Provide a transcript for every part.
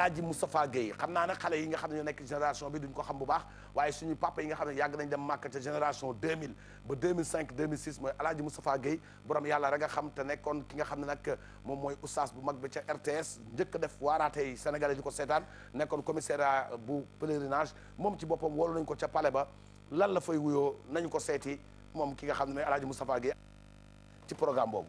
alaaji Moustapha Gueye xam naa nag xale yi nga xam ne ñoo nekk génération bi duñ ko xam bu baax waaye suñu papa yi nga xam ne yàgg nañ dem màkk ca génération 2000 ba 2005 2006 mooy alaaji Moustapha Gueye borom yàlla rek a xam te nekkoon ki nga xam ne nag moom mooy oustaz bu mag bi ca RTS njëkk def waaraate yi sénégalais ko seetaan nekkoon commissariat bu pèlerinage moom ci boppam wolu nañ ko ca pale ba lan la fay wuyoo nañu ko seeti moom ki nga xam ne mooy alaaji Moustapha Gueye ci programme boobu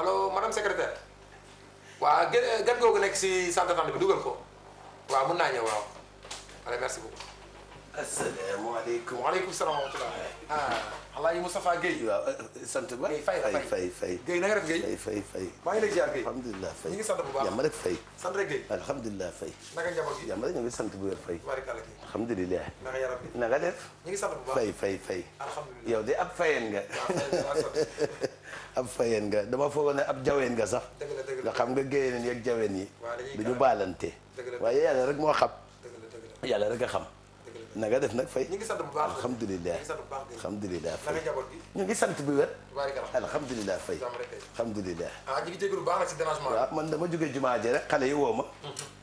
allo madame secrétaire waaw gë euh, gën googu nekk si centre d'attente bi dugal ko waaw mun naa ñëw waaw allez merci beaucoup. asalaamaaleykum waaleykum salaam wa rahmatulah. Ah. ah Alaaji Moustapha Guèye. waaw euh, euh, sant ba. fay fay fay fay Guèye na nga def Guèye. fay fay fay. maa ngi lay ziar Guèye. alhamdulilah fay ñu ngi sant bu baax jàmm rek fay. sant rek Guèye. alhamdulilah fay. naka njaboot gi jàmm rek ñu ngi sant bu wér fay. barikalla Guèye. alhamdulilah. naka yaram bi. na nga def. ñu ngi sant bu baax fay fay fay. alhamdulilah yow de ab fayeen nga. waaw fayeen nga ab fayeen nga dama foogoon ne ab jaween nga sax nga xam nga géyéneen yeeg jaween yi du ñu baalante waaye yàlla rek moo xam yàlla rek a xam na nga def nag fay ñu ngi sant bu baax alhamdulilah alhamdulilah fay ñu ngi sant bu wér alhamdulilah fay alhamdulilah ah, waaw man dama jógee jumaa ji rek xale yi woo ma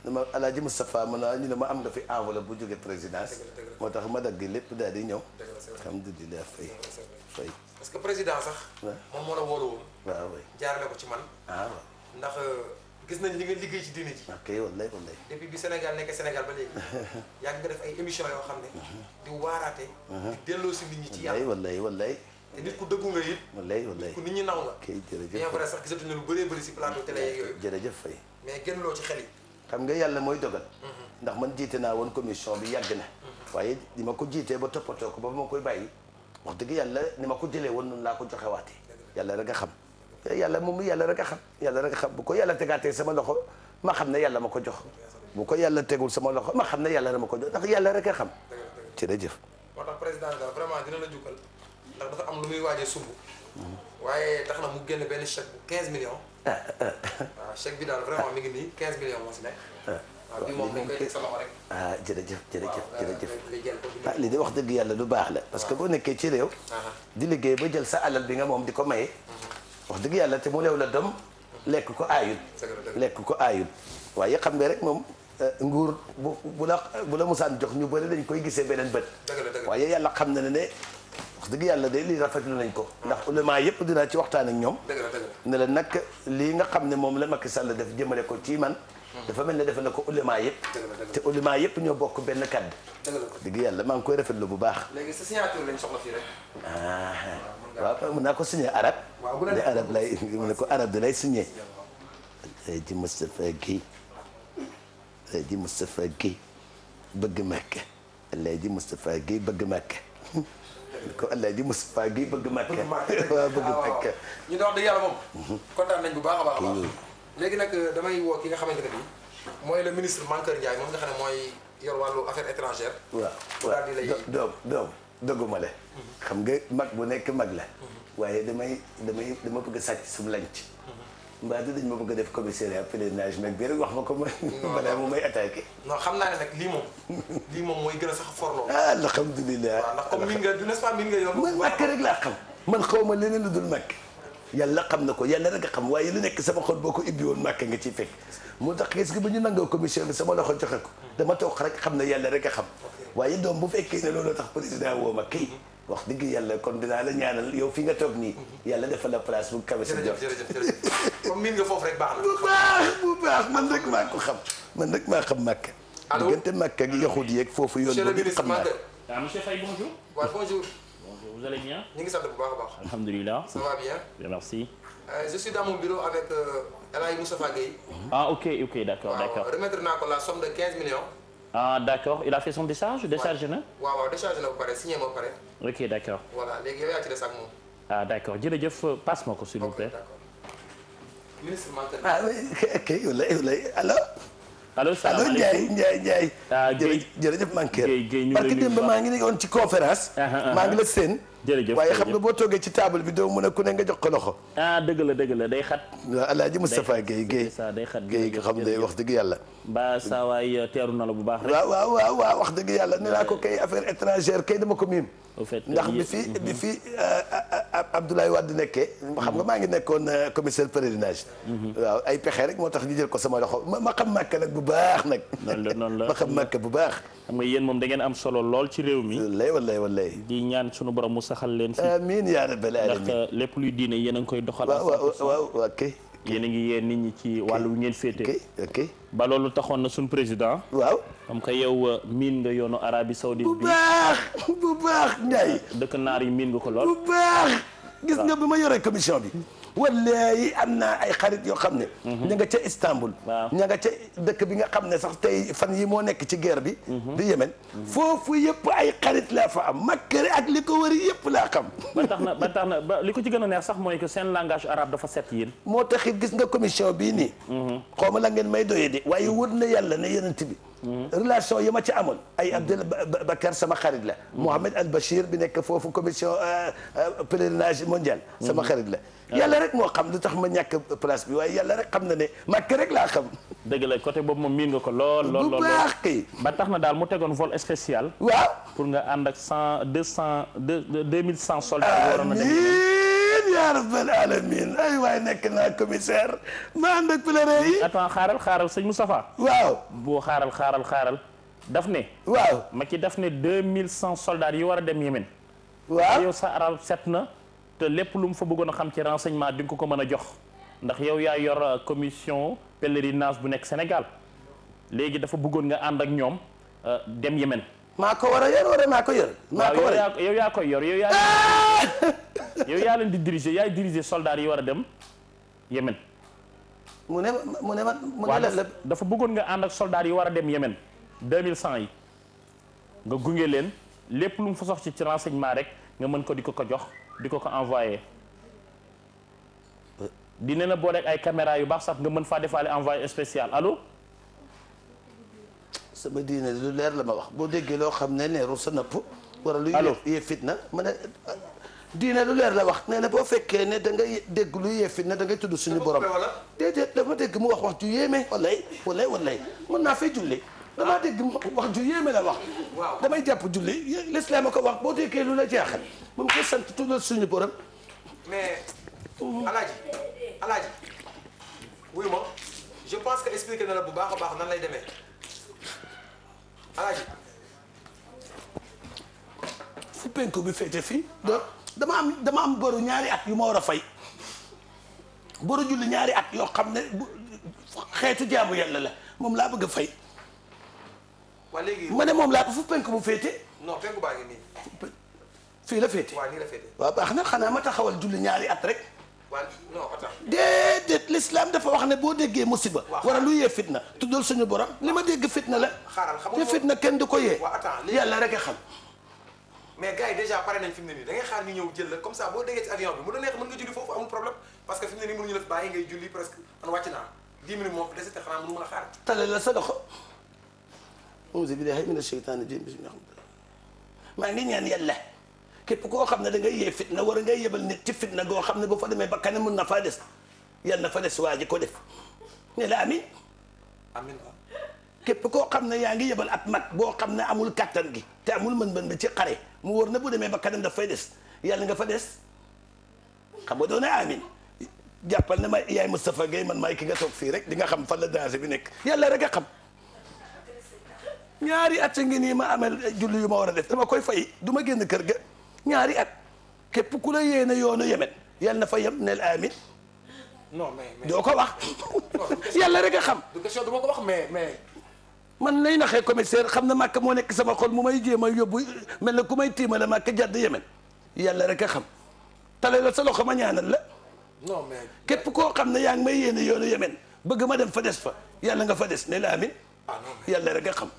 dama mhm. alaaji Moustapha ma ne ñu ne ma am nga fi enveloppe bu jógee présidence moo tax ma dagg lépp daal di ñëw alhamdulilah fay fay parce que président sax. moom moo la wóolu woon. jaarale ko ci man. Ah, ndax euh, gis nañ li nga liggéey ci diine ji. ok wallay wallay. depuis bi Sénégal nekk Sénégal ba léegi. yàgg nga def ay émission yoo xam ne. Mhm. di waaraate. Mhm. di delloo si nit ñi ci yàlla wallay wallay. te nit ku dëggu nga it. wallay wallay ku nit ñi naw nga. kay jërëjëf bien vrai sax gisatuñu lu bëree bëri si plateau télé yeeg jërëjëf fay. mais gën loo ci xel yi. xam nga yàlla mooy dogal. Mhm. ndax man jiite naa woon commission bi yàgg na. waaye di ma ko jiitee ba toppatoo ko ba ma koy bàyyi wax dëgg yàlla ni ma ko jëlee woon noonu laa ko joxe waate yàlla rek a xam yàlla moom yàlla rek a xam yàlla rek a xam bu ko yàlla tegaatee sama loxo ma xam ne yàlla ma ko jox bu ko yàlla tegul sama loxo ma xam ne yàlla rek ma ko jox ndax yàlla rek a xam jërëjëf moo tax président daal vraiment dina la jukkal ndax dafa am lu muy waajee sumb waaye tax na mu génn benn chèque bu 15 millions waaw chèque bi daal vraiment mi ngi nii 15 millions moo si nekk ah. waaw ah jërëjëf jërëjëf jërëjëf ah li de wax dëgg yàlla lu baax la parce que boo nekkee ci réew di liggéey ba jël sa alal bi nga moom di ko maye wax dëgg yàlla te mu leew la dom lekk ko aayul lekk ko aayul waaye xam nga rek moom eh, nguur bu bu la bu la jox ñu bëri dañ koy gisee beneen bët waaye yàlla xam na ne ne dëgg yàlla de lii rafetlu nañ ko ndax ulama yëpp dinaa ci waxtaan ak ñoom ne la nag lii nga xam ne moom la Macky Sall def jëmale ko ci man dafa mel ne defe na ko ulama yëpp te ulama yëpp ñoo bokk benn kàddu dëgg yàlla maa ngi koy rafetlu bubaax baax léegi sa signature lañ soxla ah, naa ko signé arab de arab lay mu ne ko arab di lay signé lay di Moustapha Guèye lay di Moustapha Guèye bëgg Makka lay di Moustapha Guèye bëgg Makka ko allah gi Makka léegi nag euh, damay woo ki nga xamante ne bii mooy le ministre Mankeur Ndiaye moom nga xam ne mooy yor wàllu affaire étrangère. waaw waaw doom doom dëgguma la. Mhm. xam nga mag bu nekk mag la. Mhm. waaye damay damay dama bëgg a sàcc suñu lanc. Mhm. mbaa du dañ ma bëgg a def commissariat pèlerinage nag bii rek wax ma ko ma. balaa mu may attaqué. non xam naa ne nag lii moom. lii moom mooy gën a sax forloo. ah alhamdulilah. waaw ndax comme mi nga du n'est-ce pas mi nga yor. man makk rek laa xam. man xaw ma leneen lu dul makk. yàlla xam na ko yàlla rek a xam waaye li nekk sama xol boo ko ibbi woon màkk nga ciy fekk moo tax gis nga bu ñu nangoo commission bi sama loxo joxe ko dama toog rek xam ne yàlla rek a xam waaye doom bu fekkee ne loolu tax président woo ma kii wax dëgg yàlla kon dinaa la ñaanal yow fi nga toog nii yàlla defal la place bu kawe si jot comme miin nga foofu rek baax na bu baax bu baax man rek maa ko xam man rek maa xam màkk diggante màkk ak yaxut yeeg foofu yoon boobu xam naa monsieur le ministre Mande waaw ah, monsieur Faye bonjour waaw bonjour vous allez bien ñu ngi sant bu baax a baax. alhamdulilah ça va bien. merci. Euh, je suis dans mon bureau avec El Hadj Moustapha Gueye. ah ok ok d' remettre naa ko la somme de 15 millions. ah d' accord il a fait son décharge. décharge na waaw décharge na ba pare signé ma pare. ok d' accord. voilà léegi passe ma ko ministre Maguette. ah oui kay yow lay yow lay allo salaamaaleykum allo Ndiaye Ndiaye Ndiaye. ah Guèye jërëjëf Manquer. Guèye Guèye ñu ngi lay nuyu bu baax parce que démb maa ngi nekkoon ci conférence. Ah, ah, ah, maa ngi la seen. jërëjëf waaye xam nga boo toogee ci table bi doo mën a ku ne nga jox ko loxo. ah dëgg la dëgg la day xat. waaw El Hadj Moustapha Guèye Guèye day xat Guèye nga xam ne wax dëgg yàlla. ba saa waay teeru na la bu baax rek. waaw waaw waaw wax dëgg yàlla nee naa ko kay affaire étrangère kay dama ko miim. au fait ndax bi fi mhm. bi fi euh, euh, euh, Abdoulaye Wade nekkee. xam nga mhm. maa ngi nekkoon commissaire pèlerinage. Mhm. waaw ay pexe rek moo tax ñu jël ko sama loxo ma ma xam màkk nag bu baax nag. noonu la noonu la ma xam màkk bu baax. xam nga yéen moom da ngeen am solo lool ci réew mi. wallay wallay wallay. di ñaan sunu borom saxal leen si. amiin yaa rabbal alamin ndax lépp luy diine yéen koy doxal. waaw waaw waaw kay. yéen ngi yee nit ñi ci wàllu ngeen féete. ok loolu taxoon na suñ président. waaw xam yow euh, miin nga yoonu Arabie Saoudite bi bu baax bu baax Ndiaye. dëkk naar yi miin nga ko lool bu baax. gis nga bi ma yoree commission bi wallahi am naa ay xarit yoo xam ne ña nga ca Istanbul ña nga ca dëkk bi nga xam ne sax tey fan yi moo nekk ci guerre bi di Yémen foofu yëpp ay xarit laa fa am makkari ak li ko wër yëpp laa xam ba tax na ba tax na ba li ko ci gën a neex sax mooy que seen langage arabe dafa set yéen moo tax it gis nga commission bii nii mhm. xaw ma la ngeen may doyee de waaye wër na yàlla ne yenent bi mhm. relation yi ma ci amoon ay Abdel Bakar sama xarit la mhm. Mohamed Al Bachir bi nekk foofu commission euh, euh, pèlerinage mondial sama mm-hmm. xarit la yàlla rek moo xam lu tax ma ñàkk place bi waaye yàlla rek xam na ne màkk rek laa xam dëgg la côté boobu moom miin nga ko lool lool lool bu baax kay ba tax na daal mu tegoon vol spécial waaw pour nga ànd ak cent deux cent deux mille cent soldats waroon na dem yaa rabbal alamin ay waay nekk naa commissaire ma ànd ak pèlerin yi attends xaaral xaaral sëñ Moustapha waaw boo xaaral xaaral xaaral daf ne waaw ma ci daf ne deux mille cent soldats yi war a dem Yémen waaw yow sa arab set na te lépp lu mu fa bëggoon a xam ci renseignement di nga ko ko mën a jox ndax yow yaa yor euh, commission pèlerinage bu nekk Sénégal léegi dafa buggoon nga ànd ak ñoom euh, dem Yémen. maa ko war a yor wala maa yow yaa koy yor yow yaa. yow yaa di diriger yaay diriger soldats yi war a dem Yémen. mu ne mu mu ne la dafa bëggoon nga ànd ak soldats yi war a dem Yémen 2100 yi nga gunge leen lépp lum mu fa sox ci renseignement rek nga mën ko di ko ko jox. di ko ko envoyé dina la booleeg ay caméra yu baax sax nga mën faa defaale envoyé spécial alo sama diine lu leer la ma wax boo déggee loo xam ne neeru sa napp. wala lu yee na ma ne diine lu leer la wax nee na boo fekkee ne da ngay dégg lu yee fitna da ngay tudd suñu borom. déedéet dama dégg mu wax wax ju yéeme. walay walay walay naa fay julli. damaa dégg wax ju yéeme la wax damay jàpp julli l'islam a ko wax boo déggee lu la jaaxal moom ko sant tuddal suñu borom. mais alaaji alaaji wuyu ma je pense que expliqué na la bu a baax nan lay demee penku bi féete fii. dama am dama am boru ñaari at yu ma war a fay boru julli ñaari at yoo xam ne xeetu jaamu yàlla la moom laa bëgg a fay. waa léegi ma ne moom laa ko fu penk mu féete. non penku baa ngi nii. fii la féete. waaw nii la baax na xanaa ma taxawal julli ñaari at rek. waaw non attends. déedéet l'islam dafa wax ne boo déggee musiba. wala lu yee fitna tuddal suñu borom li ma dégg fitna la. xaaral xam nga te fitna kenn du ko yee. waaw yàlla rek a xam. mais gars yi déjà pare nañ fi mu ne nii da ngay xaar ñu ñëw jël la comme ça boo déggee ci avion bi mu doon neex mën nga julli foofu amul problème parce que fi nii mënuñu la bàyyi ngay julli presque man wàcc naa dix a xaar. auzu billahi mina sheytaani rajim bismillah maa ngi ñaan yàlla képp koo xam ne da ngay yee fitna war a ngay yebal nit ci fitna goo xam ne bu fa demee bakkanam mun na faa des yàlla na fa des waa ji ko def ne la amin amin képp koo xam ne yaa ngi yebal ab mag boo xam ne amul kattan gi te amul mën-mën bi mu wóor na bu demee bakkanam daf fay des yàlla nga fa des xam nga doon na amin jàppal na ma yaay Moustapha Guèye man maay ki nga toog fii rek di nga xam fan la danger bi nekk yàlla rek a xam ñaari at sa ngi nii ma amel julli yu ma war a def dama koy fay du ma génn kër ga ñaari at képp ku la yéene yoonu yemen yal na fa yem neel amin non mais doo ko wax yàlla rek xam. du question du ma mais man lay naxee commissaire xam na màkk moo nekk sama xol mu may yóbbu mel na ku may tiimale màkk jàdd yemen yàlla rek a xam tale la sa loxo ma ñaanal la. non mais képp koo xam ne yaa ngi may yéene yoonu yemen bëgg ma dem fa des fa yàlla nga fa des ne la amin. ah non yàlla rek a xam.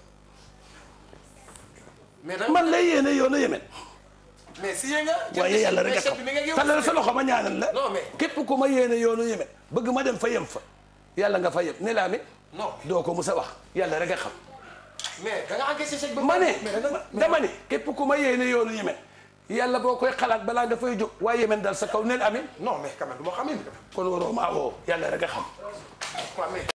mais man lay yéene yoon a yemen. mais si nga. waaye yàlla rek a xam tàllal sa loxo ma ñaanal la. non képp ku ma yéene yoonu yemen bëgg ma dem fa yem fa yàlla nga fa yem ne laa mi. doo ko mus a wax yàlla rek a xam. mais da nga encaissé chèque ba. ma ne dama ne képp ku ma yéene yoonu yemen yàlla boo koy xalaat balaa nga fay jóg waaye yemen dal sa kaw ne la amin. xam kon waroo maa woo yàlla rek a xam.